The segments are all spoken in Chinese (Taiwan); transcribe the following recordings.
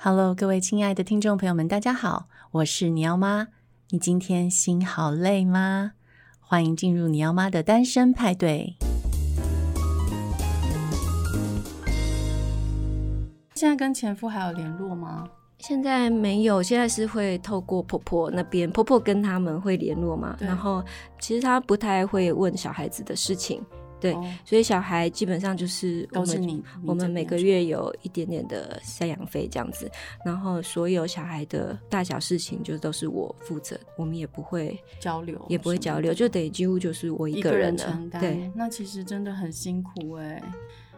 Hello，各位親愛的聽眾朋友們，大家好，我是尼奧媽。你今天心好累嗎？歡迎進入尼奧媽的單身派對。現在跟前夫還有聯絡嗎？現在沒有，現在是會透過婆婆那邊，婆婆跟他們會聯絡嘛。對然後其實她不太會問小孩子的事情。對，哦、所以小孩基本上就是我們，都是你我們每個月有一點點的贍養費這樣子，然後所有小孩的大小事情就都是我負責，我們也不會交流，也不會交流，就等於幾乎就是我一個人的，一個人承擔。對，那其實真的很辛苦哎、欸。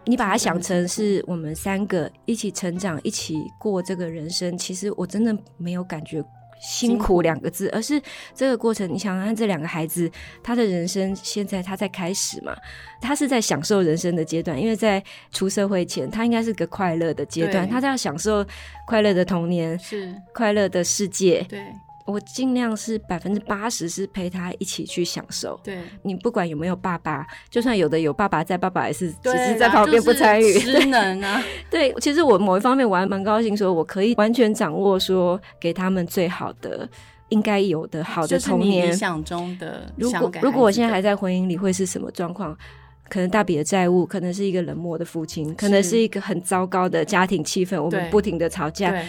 你把它想成是我們三個一起成長、一起過這個人生，其實我真的沒有感覺過。辛苦兩個字，苦而是這個過程。你想想看這兩個孩子，他的人生現在他在開始嘛？他是在享受人生的階段，因為在出社會前，他應該是個快樂的階段，對他在享受快樂的童年，是快樂的世界，對。我盡量是百分之八十是陪他一起去享受。對，你不管有沒有爸爸，就算有的有爸爸在，爸爸也是只是在旁邊、啊、不參與、啊。對，其實我某一方面我還蠻高興，說我可以完全掌握，說給他們最好的，應該有的好的童年。想中的，想的，如果如果我現在還在婚姻裡，會是什麼狀況？可能大筆的債務，可能是一個冷漠的父親，可能是一個很糟糕的家庭氣氛，是我們不停的吵架。對對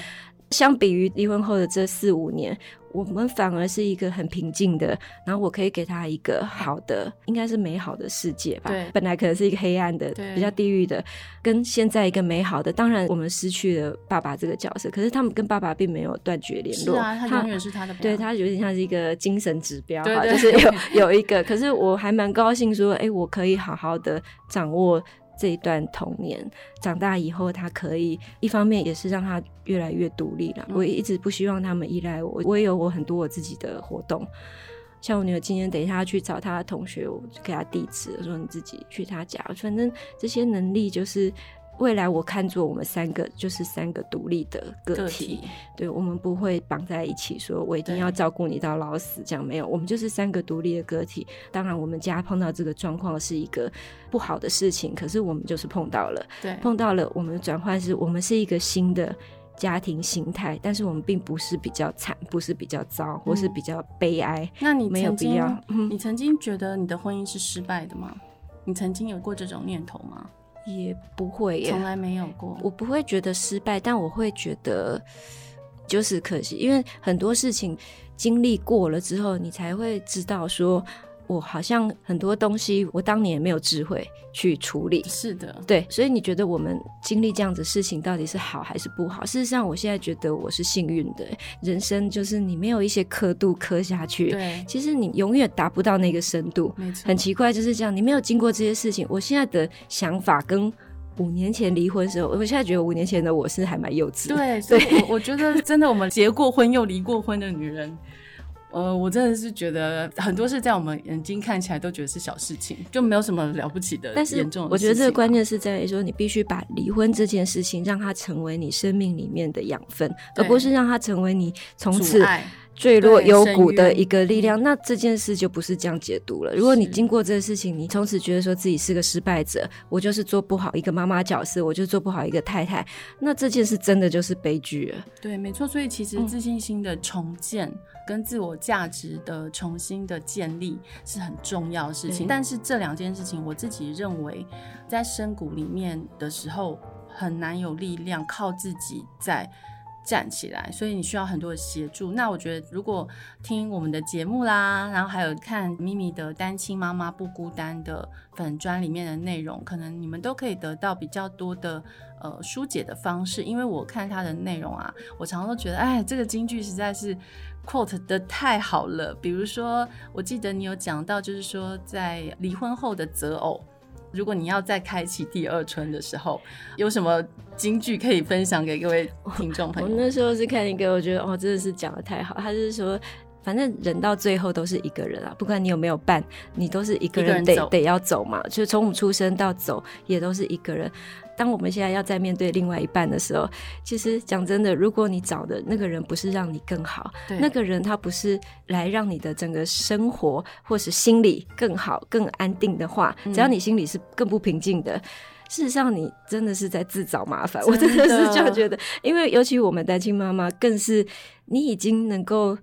相比於離婚後的這四五年，我們反而是一個很平靜的。然後我可以給他一個好的，應該是美好的世界吧。對，本來可能是一個黑暗的、對比較地獄的，跟現在一個美好的。當然，我們失去了爸爸這個角色，可是他們跟爸爸並沒有斷絕聯絡。是啊，他永遠是他的爸爸。對，他有點像是一個精神指標哈、嗯，就是有有一個。 可是我還蠻高興說，哎、欸，我可以好好的掌握。這一段童年，長大以後，他可以一方面也是讓他越來越獨立了。嗯。我一直不希望他們依賴我，我也有我很多我自己的活動。像我女兒今天等一下要去找她同學，我就給她地址，說你自己去她家。反正這些能力就是。未來我看作我們三個就是三個獨立的個體，個體對，我們不會綁在一起，說我一定要照顧你到老死，這樣對沒有，我們就是三個獨立的個體。當然，我們家碰到這個狀況是一個不好的事情，可是我們就是碰到了，對，碰到了。我們轉換是，我們是一個新的家庭形態，但是我們並不是比較慘，不是比較糟，嗯、或是比較悲哀。那你沒有必要，嗯、你曾經覺得你的婚姻是失敗的嗎？你曾經有過這種念頭嗎？也不會，從來沒有過。我不會覺得失敗，但我會覺得就是可惜，因為很多事情經歷過了之後，你才會知道說。我好像很多東西，我當年也沒有智慧去處理。是的，對，所以你覺得我們經歷這樣子的事情到底是好還是不好？事實上，我現在覺得我是幸運的，人生就是你沒有一些刻度刻下去，對，其實你永遠達不到那個深度。沒錯，很奇怪就是這樣，你沒有經過這些事情，我現在的想法跟五年前離婚時候，我現在覺得五年前的我是還蠻幼稚的。對，所以 我，我覺得真的，我們結過婚又離過婚的女人。呃，我真的是覺得很多事在我們眼睛看起來都覺得是小事情，就沒有什麼了不起的嚴重的事情啊，但是，我覺得這個關鍵是在於說，你必須把離婚這件事情讓它成為你生命裡面的養分，對而不是讓它成為你從此墜落幽谷的一個力量，那這件事就不是這樣解讀了。嗯、如果你經過這個事情，你從此覺得說自己是個失敗者，我就是做不好一個媽媽角色，我就是做不好一個太太，那這件事真的就是悲劇了。對，沒錯。所以其實自信心的重建跟自我價值的重新的建立是很重要的事情。嗯、但是這兩件事情，我自己認為在深谷裡面的時候很難有力量靠自己在站起來，所以你需要很多的協助。那我覺得，如果聽我們的節目啦，然後還有看咪咪的單親媽媽不孤單的粉專裡面的內容，可能你們都可以得到比較多的呃疏解的方式。因為我看他的內容啊，我常常都覺得，哎，這個金句實在是 quote 的太好了。比如說，我記得你有講到，就是說在離婚後的擇偶。如果你要再開啟第二春的時候，有什麼金句可以分享給各位聽眾朋友？我，我那時候是看一個，我覺得哦，真的是講的太好，他是說。反正人到最後都是一個人啊，不管你有沒有伴，你都是一個人得，一個人走，得要走嘛。就是從我們出生到走，也都是一個人。當我們現在要再面對另外一半的時候，其實講真的，如果你找的那個人不是讓你更好，對那個人他不是來讓你的整個生活或是心理更好、更安定的話，只要你心裡是更不平靜的，嗯、事實上你真的是在自找麻煩。真的我真的是這樣覺得，因為尤其我們單親媽媽，更是你已經能夠。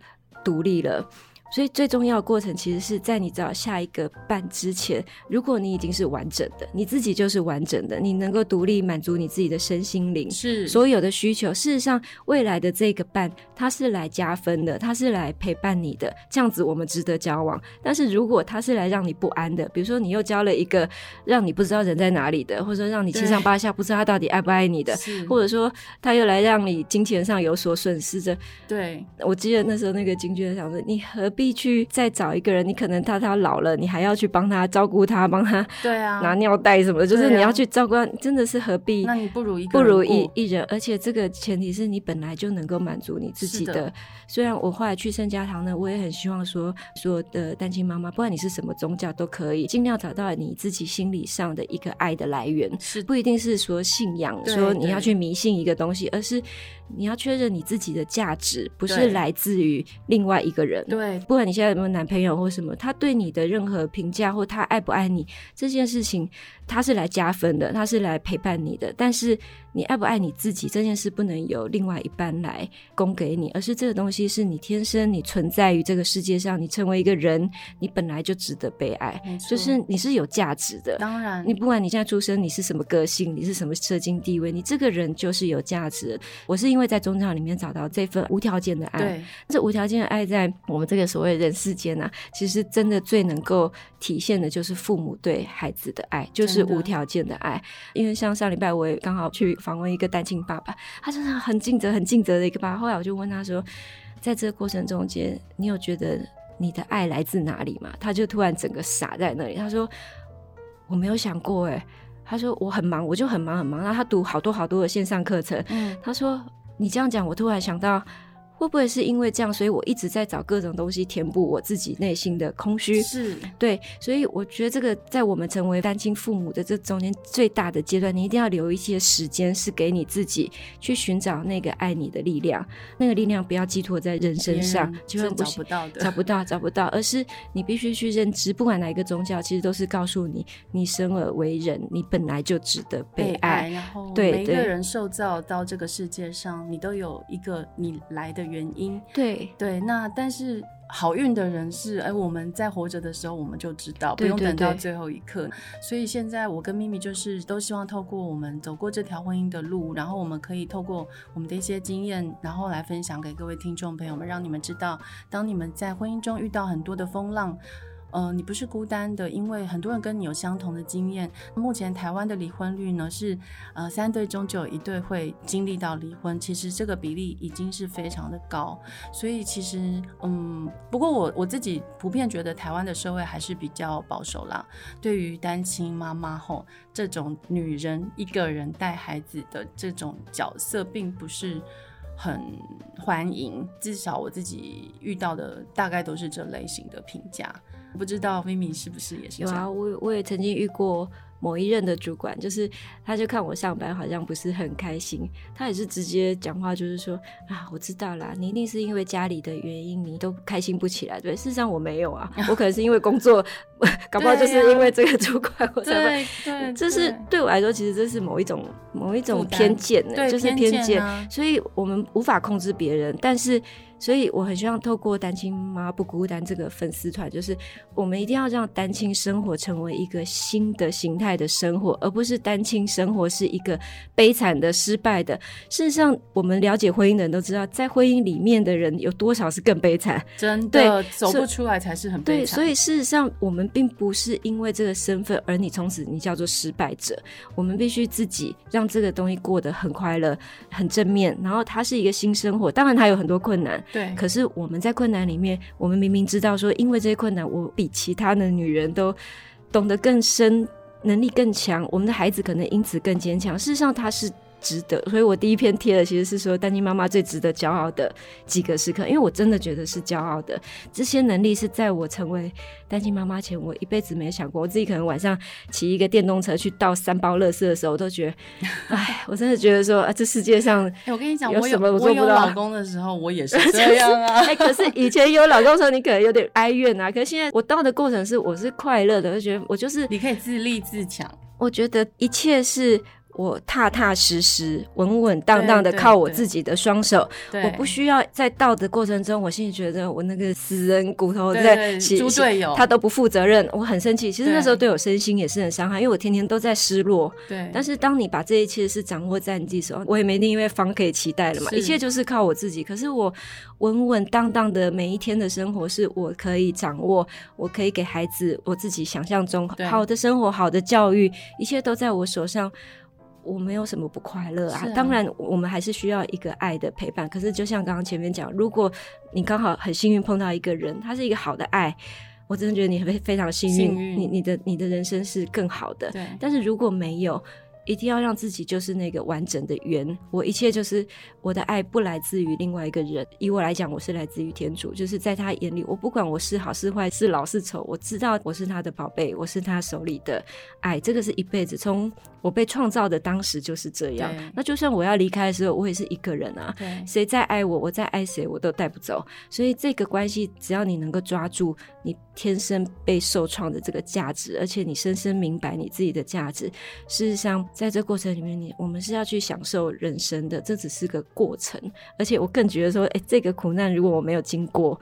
獨立了。所以最重要的過程，其實是在你找下一個伴之前，如果你已經是完整的，你自己就是完整的，你能夠獨立滿足你自己的身心靈，是所有的需求。事實上，未來的這個伴他是來加分的，他是來陪伴你的，這樣子我們值得交往。但是如果他是來讓你不安的，比如說你又交了一個讓你不知道人在哪裡的，或者說讓你七上八下，不知道他到底愛不愛你的，對或者說他又來讓你金錢上有所損失的，對，我記得那時候那個金句想說，你何必……’必去再找一個人，你可能他他老了，你還要去幫他照顧他，幫他對啊拿尿袋什麼的，啊、就是你要去照顧他，真的是何必？那你不如一不如一一人，而且這個前提是你本來就能夠滿足你自己的。的雖然我後來去聖家堂呢，我也很希望說，說的單親媽媽，不管你是什麼宗教都可以，盡量找到你自己心理上的一個愛的來源，是的不一定是說信仰，說你要去迷信一個東西，而是你要確認你自己的價值不是來自於另外一個人，對。對不管你現在有沒有男朋友或什麼，他對你的任何評價或他愛不愛你這件事情，他是來加分的，他是來陪伴你的，但是。你愛不愛你自己這件事，不能由另外一半來供給你，而是這個東西是你天生，你存在於這個世界上，你成為一個人，你本來就值得被愛，沒錯，就是你是有價值的。當然，你不管你現在出生，你是什麼個性，你是什麼社經地位，你這個人就是有價值的。我是因為在宗教裡面找到這份無條件的愛，這對。無條件的愛在我們這個所謂人世間呢、啊，其實真的最能夠體現的，就是父母對孩子的愛，就是無條件的愛。的因為像上禮拜我也剛好去。訪問一個單親爸爸，他真的很盡責、很盡責的一個爸爸。後來我就問他說，在這個過程中間，你有覺得你的愛來自哪裡嗎？他就突然整個傻在那裡，他說：“我沒有想過，欸。”他說：“我很忙，我就很忙很忙。”然後他讀好多好多的線上課程。嗯，他說：“你這樣講，我突然想到。”會不會是因為這樣，所以我一直在找各種東西填補我自己內心的空虛？是對，所以我覺得這個在我們成為單親父母的這中間，最大的階段，你一定要留一些時間，是給你自己去尋找那個愛你的力量。那個力量不要寄託在人身上，就會找不到的，的。找不到，找不到。而是你必須去認知，不管哪一個宗教，其實都是告訴你，你生而為人，你本來就值得被愛。哎哎，然後一對，對每一個人受造到這個世界上，你都有一個你來的。原因對對，那但是好運的人是哎、欸，我們在活着的時候我們就知道，不用等到最後一刻。對對對。所以現在我跟咪咪就是都希望透過我們走過這條婚姻的路，然後我們可以透過我們的一些經驗，然後來分享給各位聽眾朋友們，讓你們知道，當你們在婚姻中遇到很多的風浪。嗯、呃，你不是孤單的，因為很多人跟你有相同的經驗。目前台灣的離婚率呢是，呃，三對中就有一對會經歷到離婚。其實這個比例已經是非常的高，所以其實，嗯，不過我我自己普遍覺得台灣的社會還是比較保守啦。對於單親媽媽吼這種女人一個人帶孩子的這種角色，並不是很歡迎。至少我自己遇到的大概都是這類型的評價。不知道咪咪是不是也是有啊？我我也曾經遇過某一任的主管，就是他就看我上班好像不是很開心，他也是直接講話，就是說啊，我知道啦，你一定是因為家裡的原因，你都開心不起來。對，事實上我沒有啊， 我可能是因為工作， 搞不好就是因為這個主管我，我才會對。對對這是對我來說，其實這是某一種某一種偏見呢、欸，就是偏見、啊。所以我們無法控制別人，但是。所以我很希望透過單親媽不孤單這個粉絲團，就是我們一定要讓單親生活成為一個新的形態的生活，而不是單親生活是一個悲慘的、失敗的。事實上，我們了解婚姻的人都知道，在婚姻裡面的人有多少是更悲慘，真的對走不出來才是很悲慘。對，所以事實上，我們並不是因為這個身份而你從此你叫做失敗者。我們必須自己讓這個東西過得很快樂、很正面。然後它是一個新生活，當然它有很多困難。對，可是我們在困難裡面，我們明明知道說，因為這些困難，我比其他的女人都懂得更深，能力更強，我們的孩子可能因此更堅強。事實上，他是。值得，所以我第一篇貼的其實是說單親媽媽最值得驕傲的幾個時刻，因為我真的覺得是驕傲的。這些能力是在我成為單親媽媽前，我一輩子沒想過。我自己可能晚上騎一個電動車去倒三包垃圾的時候，我都覺得，哎， 我真的覺得說啊，這世界上我，欸，我跟你講，我有什麼？我有老公的時候，我也是這樣啊。哎， 可是以前有老公的時候，你可能有點哀怨啊。可是現在我倒的過程是，我是快樂的，我覺得我就是你可以自立自強。我覺得一切是。我踏踏實實、穩穩當當的靠我自己的雙手，對對對我不需要在倒的過程中，我心裡覺得我那個死人骨頭在洗對對豬隊友，他都不負責任，我很生氣。其實那時候對我身心也是很傷害，因為我天天都在失落。對，但是當你把這一切是掌握在你自己手，我也沒因為方可以期待了嘛，是一切就是靠我自己。可是我穩穩當當的每一天的生活，是我可以掌握，我可以給孩子我自己想象中好的生活、對好的教育，一切都在我手上。我沒有什麼不快樂啊，啊當然我們還是需要一個愛的陪伴。可是就像剛剛前面講，如果你剛好很幸運碰到一個人，他是一個好的愛，我真的覺得你會非常幸運運，你你的你的人生是更好的。對但是如果沒有。一定要讓自己就是那個完整的圓。我一切就是我的愛，不來自於另外一個人。以我來講，我是來自於天主，就是在他眼裡，我不管我是好是壞，是老是醜，我知道我是他的寶貝，我是他手裡的愛。這個是一輩子，從我被創造的當時就是這樣。對那就算我要離開的時候，我也是一個人啊。誰再對愛我，我再愛誰，我都帶不走。所以這個關係，只要你能夠抓住你天生被受創的這個價值，而且你深深明白你自己的價值，事實上。在這過程裡面，你我們是要去享受人生的，這只是個過程。而且我更覺得說，哎、欸，這個苦難如果我沒有經過，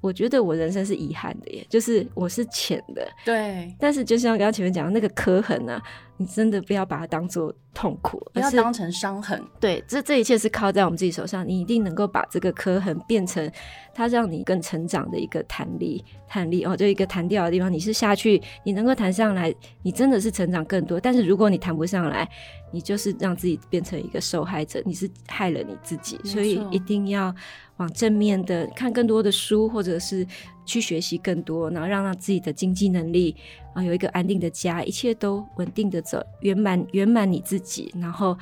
我覺得我人生是遺憾的耶。就是我是淺的，對。但是就像剛剛前面講的那個磕痕啊。你真的不要把它當做痛苦，不要當成傷痕。是對，這這一切是靠在我們自己手上。你一定能夠把這個磕痕變成它讓你更成長的一個彈力，彈力哦，就一個彈掉的地方。你是下去，你能夠彈上來，你真的是成長更多。但是如果你彈不上來，你就是讓自己變成一個受害者，你是害了你自己。錯所以一定要往正面的看更多的書，或者是去學習更多，然後讓，讓自己的經濟能力。啊、哦，有一個安定的家，一切都穩定的走，圓滿圓滿你自己，然後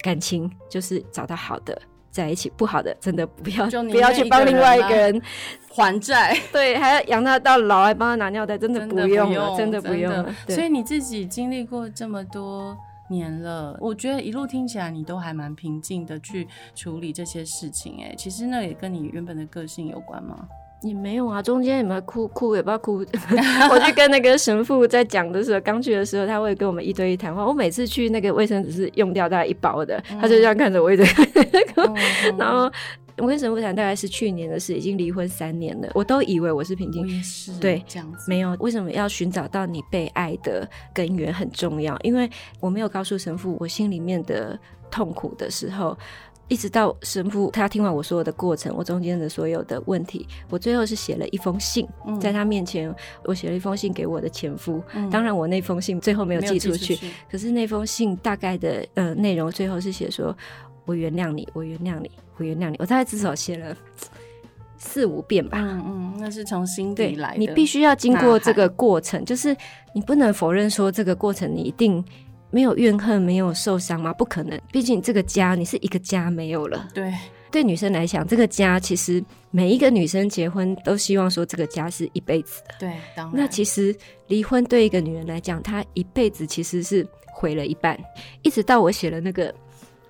感情，就是找到好的在一起，不好的真的不要不要去幫另外一個人還債。 對，還要養他到老，還幫他拿尿袋，真的不用真的不用。所以你自己經歷過這麼多年了，我覺得一路聽起來你都還蠻平靜的去處理這些事情。欸，哎，其實那也跟你原本的個性有關嗎？你沒有啊？中間有沒有哭哭也不知道哭。 我去跟那個神父在講的時候，剛 去的時候他會跟我們一對一談話。我每次去那個衛生紙是用掉大概一包的，嗯、他就這樣看着我，一直哭、嗯。 然後我跟神父談，大概是去年的事，已經離婚三年了。我都以為我是平靜，對，這樣子沒有。為什麼要尋找到你被愛的根源很重要？因為我沒有告訴神父我心裡面的痛苦的時候。一直到神父，他聽完我所有的過程，我中間的所有的問題，我最後是寫了一封信，嗯、在他面前，我寫了一封信給我的前夫。嗯、當然，我那封信最後沒有寄出去，出去可是那封信大概的呃內容，最後是寫說：“我原諒你，我原諒你，我原諒你。”我大概至少寫了四五遍吧。嗯，嗯，那是從心底來，你必須要經過這個過程，啊、就是你不能否認說這個過程你一定。沒有怨恨，沒有受傷嗎？不可能，畢竟這個家，你是一個家沒有了。啊、對，對女生來講，這個家其實每一個女生結婚都希望說，這個家是一輩子的。對，那其實離婚對一個女人來講，她一輩子其實是毀了一半。一直到我寫了那個。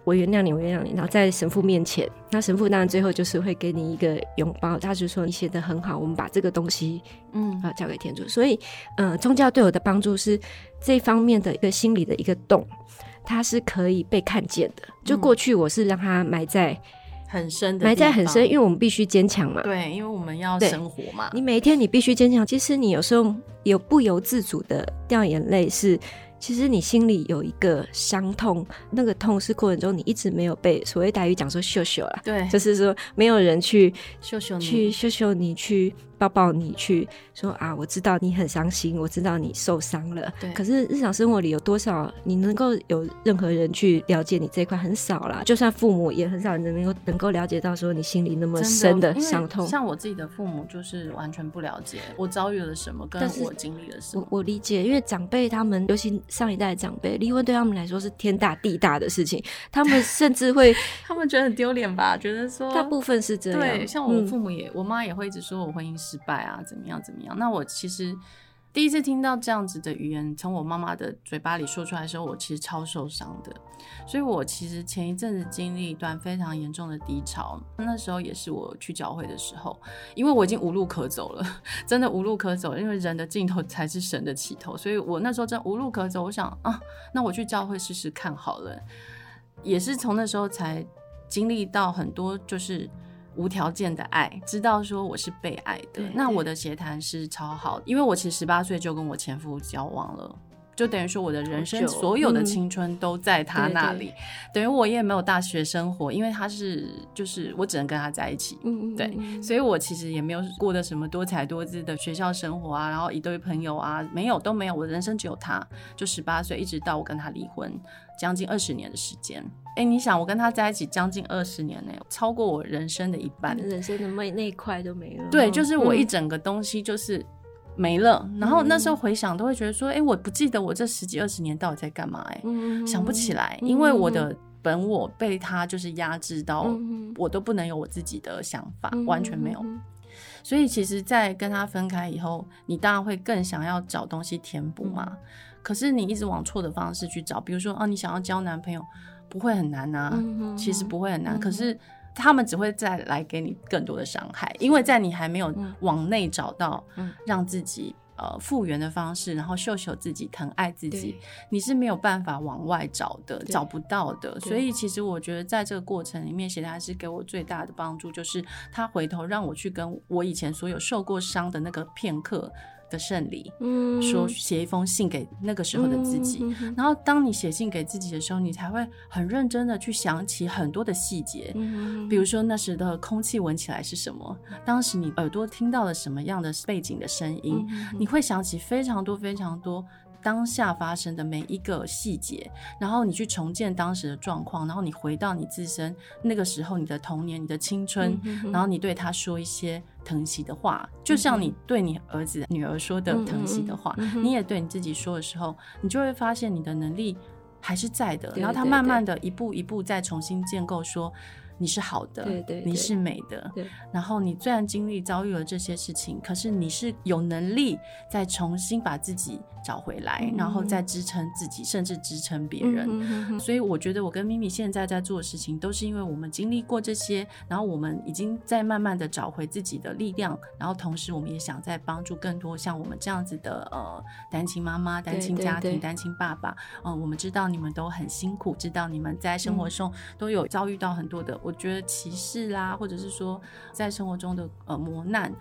我原諒你，我原諒你。然後在神父面前，那神父當然最後就是會給你一個擁抱，他就說你寫得很好，我們把這個東西嗯啊，交給天主。所以嗯、呃，宗教對我的幫助是這方面的一個心理的一個洞，它是可以被看見的。就過去我是讓它埋在很深的，嗯、埋在很深，很深，因為我們必須堅強嘛，對，因為我們要生活嘛。你每一天你必須堅強，其實你有時候有不由自主的掉眼淚是。其實你心裡有一個傷痛，那個痛是過程中你一直沒有被所謂大遇講說秀秀啦。對，就是說沒有人去秀秀你，去秀秀你去。抱抱你，去說啊！我知道你很傷心，我知道你受傷了。對。可是日常生活裡有多少你能夠有任何人去了解你這一塊，很少啦。就算父母也很少人能夠能夠了解到說你心裡那麼深的傷痛。像我自己的父母就是完全不了解我遭遇了什麼，跟我經歷了什麼我。我理解，因為長輩他們，尤其上一代長輩，離婚對他們來說是天大地大的事情，他們甚至會， 他們覺得很丟臉吧？覺得說大部分是這樣。對，像我父母也，嗯、我媽也會一直說我婚姻是。失敗啊，怎麼樣？怎麼樣？那我其實第一次聽到這樣子的語言，從我媽媽的嘴巴裡說出來的時候，我其實超受傷的。所以，我其實前一陣子經歷一段非常嚴重的低潮，那時候也是我去教會的時候，因為我已經無路可走了，真的無路可走。因為人的盡頭才是神的起頭，所以我那時候真無路可走。我想啊，那我去教會試試看好了。也是從那時候才經歷到很多，就是。無條件的愛，知道說我是被愛的，對對，那我的鞋談是超好的，因為我其實十八歲就跟我前夫交往了，就等於說我的人生久所有的青春都在他那裡，嗯、對對，等於我也沒有大學生活，因為他是就是我只能跟他在一起，嗯嗯嗯，對，所以我其實也沒有過的什麼多彩多姿的學校生活啊，然後一堆朋友啊，沒有都沒有，我的人生只有他，就十八歲一直到我跟他離婚，將近二十年的時間。哎、欸，你想我跟他在一起將近二十年呢、欸，超過我人生的一半，人生的那那一塊都沒了。對，就是我一整個東西就是沒了。嗯、然後那時候回想，都會覺得說，哎、欸，我不記得我這十幾二十年到底在幹嘛、欸，哎、嗯哼，想不起來，因為我的本我被他就是壓制到，我都不能有我自己的想法，嗯、哼完全沒有。所以其實，在跟他分開以後，你當然會更想要找東西填補嘛。嗯、可是你一直往錯的方式去找，比如說，啊，你想要交男朋友。不會很難吶、啊，嗯、哼其實不會很難。嗯、哼可是他們只會再來給你更多的傷害，嗯、哼因為在你還沒有往內找到讓自己、嗯、呃復原的方式，然後秀秀自己疼愛自己，對你是沒有辦法往外找的，對找不到的。對所以其實我覺得在這個過程裡面，秀秀還是給我最大的幫助，就是他回頭讓我去跟我以前所有受過傷的那個片刻。的勝利，嗯、說寫一封信給那個時候的自己，嗯嗯嗯、然後當你寫信給自己的時候，你才會很認真的去想起很多的細節，嗯嗯、比如說那時的空氣聞起來是什麼，當時你耳朵聽到了什麼樣的背景的聲音，嗯嗯嗯、你會想起非常多非常多。當下發生的每一個細節，然後你去重建當時的狀況，然後你回到你自身那個時候，你的童年，你的青春，嗯嗯，然後你對他說一些疼惜的話，嗯、哼就像你對你兒子、女兒說的疼惜的話，嗯嗯，你也對你自己說的時候，你就會發現你的能力還是在的。對對對，然後他慢慢的一步一步再重新建構，說你是好的，對對對，你是美的。對對對，然後你雖然經歷遭遇了這些事情，可是你是有能力再重新把自己。找回來，然後再支撐自己，mm hmm. 甚至支撐別人。Mm hmm. 所以我覺得，我跟咪咪現在在做的事情，都是因為我們經歷過這些，然後我們已經在慢慢的找回自己的力量，然後同時，我們也想再幫助更多像我們這樣子的呃單親媽媽、單親家庭、對對對單親爸爸。嗯、呃，我們知道你們都很辛苦，知道你們在生活中都有遭遇到很多的，嗯、我覺得歧視啦，或者是說在生活中的呃磨難。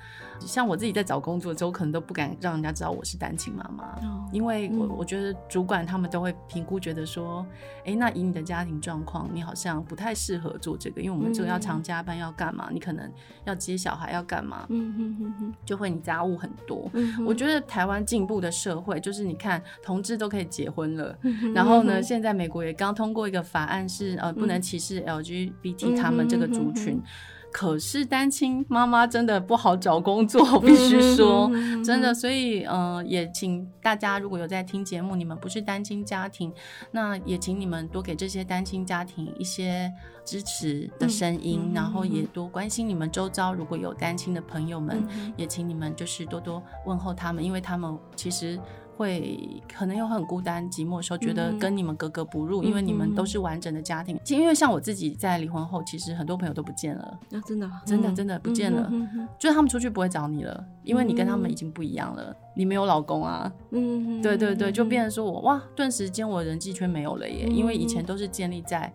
像我自己在找工作的時候，可能都不敢讓人家知道我是單親媽媽。因為我我覺得主管他們都會評估，覺得說，嗯、誒，那以你的家庭狀況，你好像不太適合做這個，因為我們這個要常加班，要幹嘛，你可能要接小孩，要幹嘛，嗯、哼哼哼就會你家務很多。嗯、哼我覺得台灣進步的社會，就是你看同志都可以結婚了，嗯、哼哼然後呢，嗯、哼哼現在美國也剛通過一個法案是，是呃不能歧視 LGBT 他們這個族群。嗯哼哼可是單親媽媽真的不好找工作，必須說，嗯，真的，所以嗯，呃，也請大家如果有在聽節目，你們不是單親家庭，那也請你們多給這些單親家庭一些支持的聲音，嗯，然後也多關心你們周遭如果有單親的朋友們，嗯，也請你們就是多多問候他們，因為他們其實。會可能又很孤單寂寞的時候，覺得跟你們格格不入，因為你們都是完整的家庭。因為像我自己在離婚後，其實很多朋友都不見了。那真的，真的，真的不見了。就是他們出去不會找你了，因為你跟他們已經不一樣了。你沒有老公啊。嗯對對對，就變成說我哇，頓時間我人際圈沒有了耶，因為以前都是建立在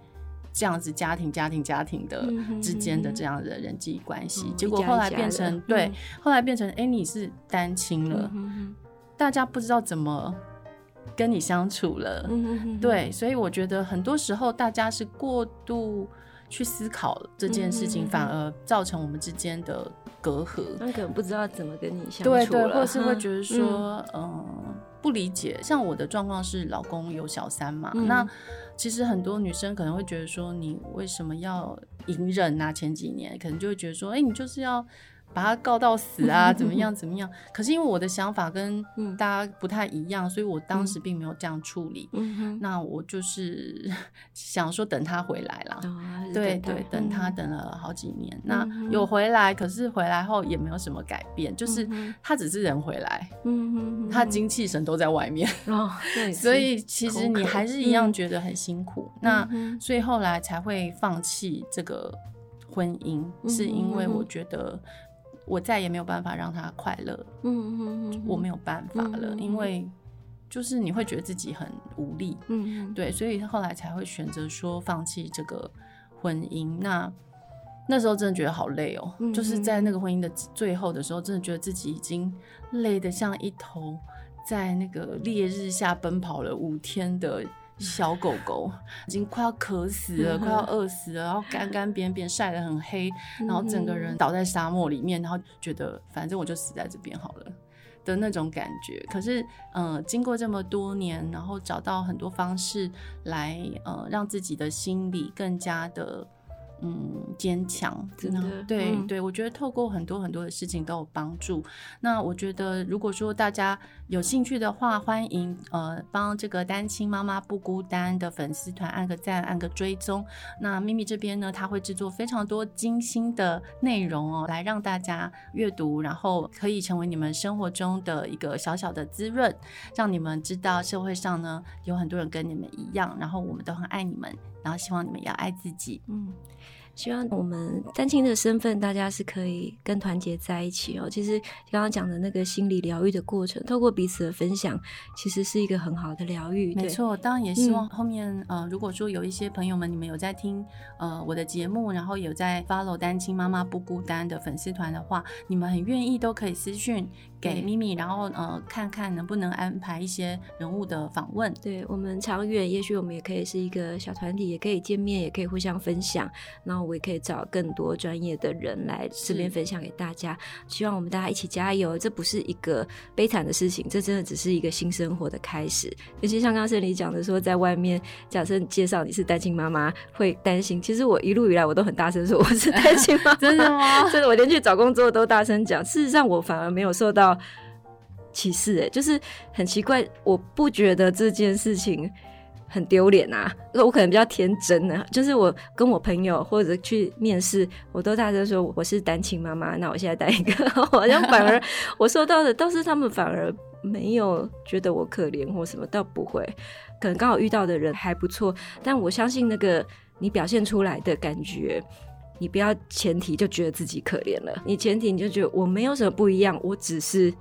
這樣子家庭、家庭、家庭的之間的這樣的人際關係，結果後來變成對，後來變成哎，你是單親了。大家不知道怎麼跟你相處了，嗯、哼哼對，所以我覺得很多時候大家是過度去思考這件事情，嗯、哼哼反而造成我們之間的隔閡。他可能不知道怎麼跟你相處了，對，對對，或是會覺得說，嗯、呃，不理解。像我的狀況是老公有小三嘛，嗯、那其實很多女生可能會覺得說，你為什麼要隱忍啊？前幾年可能就會覺得說，哎、欸，你就是要。把他告到死啊，怎麼樣怎麼樣？可是因為我的想法跟大家不太一樣，所以我當時並沒有這樣處理。那我就是想說，等他回來啦，對對，等他等了好幾年。那有回來，可是回來後也沒有什麼改變，就是他只是人回來，嗯哼，他精氣神都在外面。哦，對。所以其實你還是一樣覺得很辛苦。那所以後來才會放棄這個婚姻，是因為我覺得。我再也沒有辦法讓他快樂，嗯哼哼哼，我沒有辦法了，嗯、哼哼因為就是你會覺得自己很無力，嗯哼，對，所以後來才會選擇說放棄這個婚姻。那那時候真的覺得好累哦，喔，嗯、哼就是在那個婚姻的最後的時候，真的覺得自己已經累得像一頭在那個烈日下奔跑了五天的小狗狗已經快要渴死了，快要餓死了，然後乾乾扁扁，曬得很黑，然後整個人倒在沙漠裡面，然後覺得反正我就死在這邊好了的那種感覺。可是，嗯、呃，經過這麼多年，然後找到很多方式來，呃，讓自己的心理更加的。嗯，堅強，真的，對、嗯、對，我覺得透過很多很多的事情都有幫助。那我覺得，如果說大家有興趣的話，歡迎呃幫這個單親媽媽不孤單的粉絲團按個讚，按個追蹤。那咪咪這邊呢，她會製作非常多精心的內容哦，來讓大家閱讀，然後可以成為你們生活中的一個小小的滋潤，讓你們知道社會上呢有很多人跟你們一樣，然後我們都很愛你們。然後希望你們也要愛自己。嗯。希望我們單親的身份，大家是可以跟團結在一起哦、喔。其實剛剛講的那個心理療癒的過程，透過彼此的分享，其實是一個很好的療癒。沒錯錯，對當然也希望後面、嗯、呃，如果說有一些朋友們，你們有在聽呃我的節目，然後有在 follow 單親媽媽不孤單的粉絲團的話，你們很願意都可以私訊給咪咪，對然後呃看看能不能安排一些人物的訪問。對我們長遠，也許我們也可以是一個小團體，也可以見面，也可以互相分享。那我也可以找更多專業的人來這邊分享給大家。是希望我們大家一起加油，這不是一個悲慘的事情，這真的只是一個新生活的開始。尤其像剛剛你講的說，在外面假設介紹你是單親媽媽，會擔心。其實我一路以來我都很大聲說我是單親媽媽，真的嗎？真的，我連去找工作都大聲講。事實上，我反而沒有受到歧視、欸，誒，就是很奇怪，我不覺得這件事情。很丟臉啊！我可能比較天真啊，就是我跟我朋友或者去面試，我都大聲說我是單親媽媽。那我現在帶一個，好 像反而我收到的倒是他們反而沒有覺得我可憐或什麼，倒不會。可能剛好遇到的人還不錯，但我相信那個你表現出來的感覺，你不要前提就覺得自己可憐了，你前提你就覺得我沒有什麼不一樣，我只是。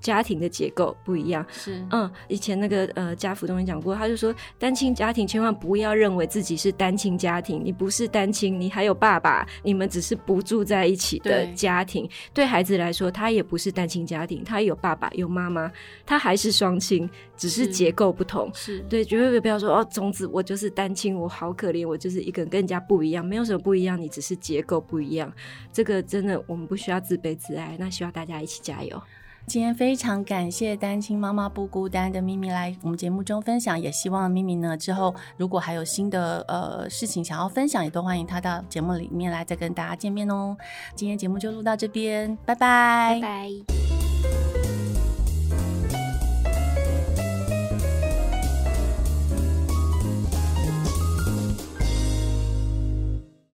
家庭的結構不一樣，是嗯，以前那個呃，家福曾也講過，他就說單親家庭千萬不要認為自己是單親家庭，你不是單親，你還有爸爸，你們只是不住在一起的家庭。對，對孩子來說，他也不是單親家庭，他有爸爸有媽媽，他還是雙親，只是結構不同。是，是對，絕對不要說哦，總之我就是單親，我好可憐，我就是一個人跟人家不一樣，沒有什麼不一樣，你只是結構不一樣，這個真的我們不需要自卑自愛，那需要大家一起加油。今天非常感謝單親媽媽不孤單的咪咪來我們節目中分享，也希望咪咪呢之後如果還有新的呃事情想要分享，也都歡迎她到節目裡面來再跟大家見面哦。今天節目就錄到這邊，拜拜。拜拜。